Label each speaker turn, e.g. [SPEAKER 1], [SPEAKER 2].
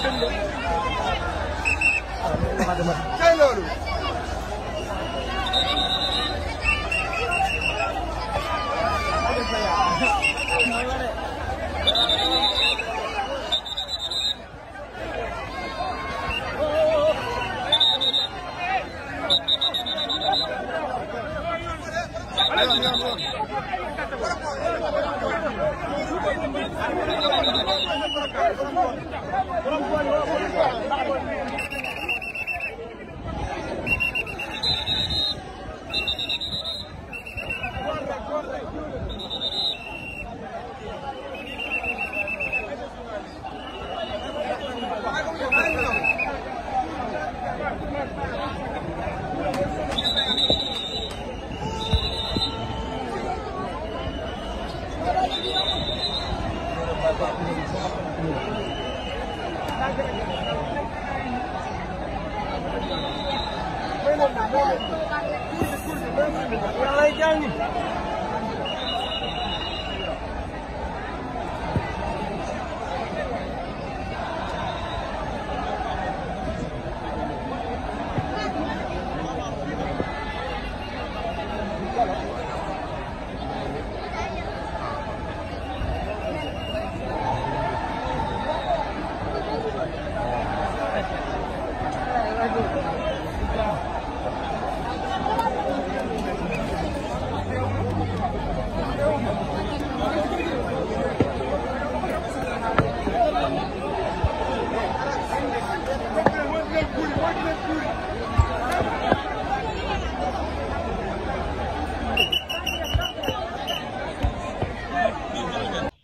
[SPEAKER 1] tey
[SPEAKER 2] loolu Thank you.
[SPEAKER 1] Thank you.